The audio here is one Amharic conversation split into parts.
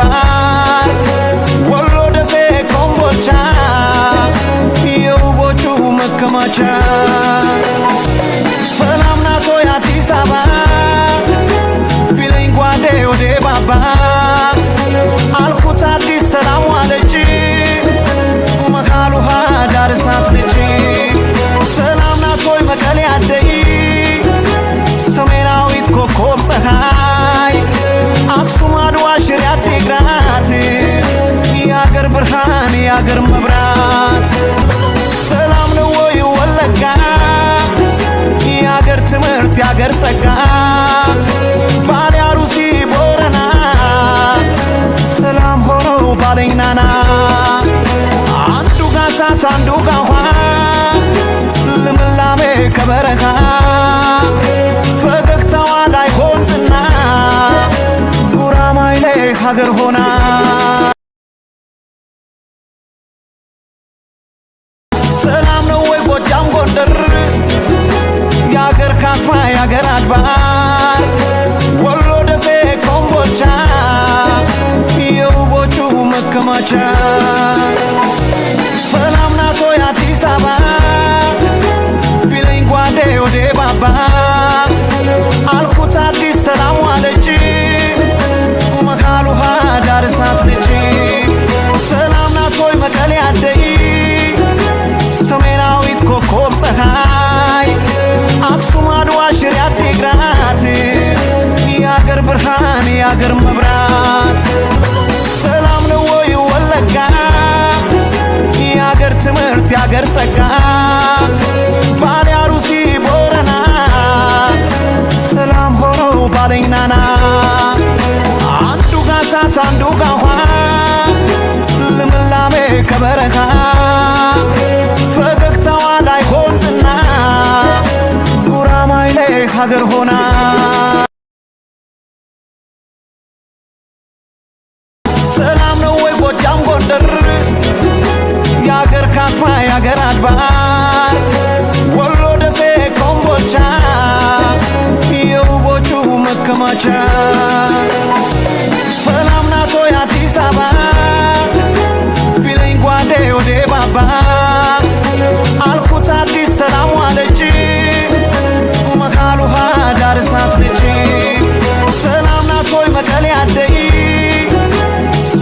survive የሀገር መብራት ሰላም ነው ወይ ወለጋ? የሀገር ትምህርት የሀገር ጸጋ ባሌ ቦረና ሰላም ሆኖ ባሌናና አንዱ ጋሳት አንዱ ጋ ልምላሜ ከበረካ ፈገግታዋ ላይ ሆንዝና ጉራማይሌ ሀገር ሆና ሟቻ ሰላም ናት ሆይ አዲስ አበባ ቢለኝ ጓዴ ወዴ ባባ አልኩት አዲስ ሰላም ዋለች መካል ውሃ ዳር እሳት ነች ሰላም ናት ሆይ መቀሌ አደይ ሰሜናዊት ኮከብ ፀሐይ አክሱም አድዋ ሽሬ አዲግራት የአገር ብርሃን የአገር መብራት ጨርሰካ ባሊያ ሩሲ ቦረና ሰላም ሆኖ አንዱ አንዱ ልምላሜ ፈገግታዋ ሀገር ሆና ሀገር አድባ ወሎ፣ ደሴ፣ ኮምቦልቻ የውቦቹ መከማቻ ሰላም ናቶ ሆይ አዲስ አበባ ቢለኝ ጓዴ ወዴ ባባ አልኩት አዲስ ሰላም ዋለች መካል ውሃ ዳር እሳት ነች። ሰላም ናት ሆይ መቀሌ አደይ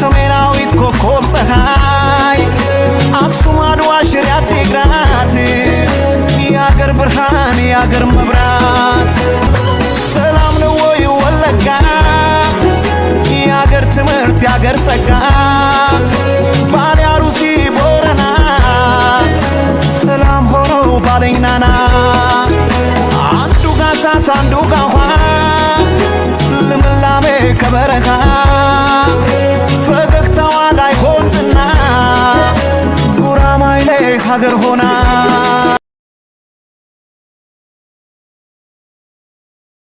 ሰሜናዊት ኮከብ ፀሐይ ብርሃን የአገር መብራት ሰላም ነው ወይ ወለጋ የአገር ትምህርት የአገር ጸጋ ባሊያሩሲ ቦረና ሰላም ሆኖ ባለኝናና አንዱ ጋሳት አንዱ ጋኋ ልምላሜ ከበረካ ፈገግታዋ ላይ ሀገር ሆና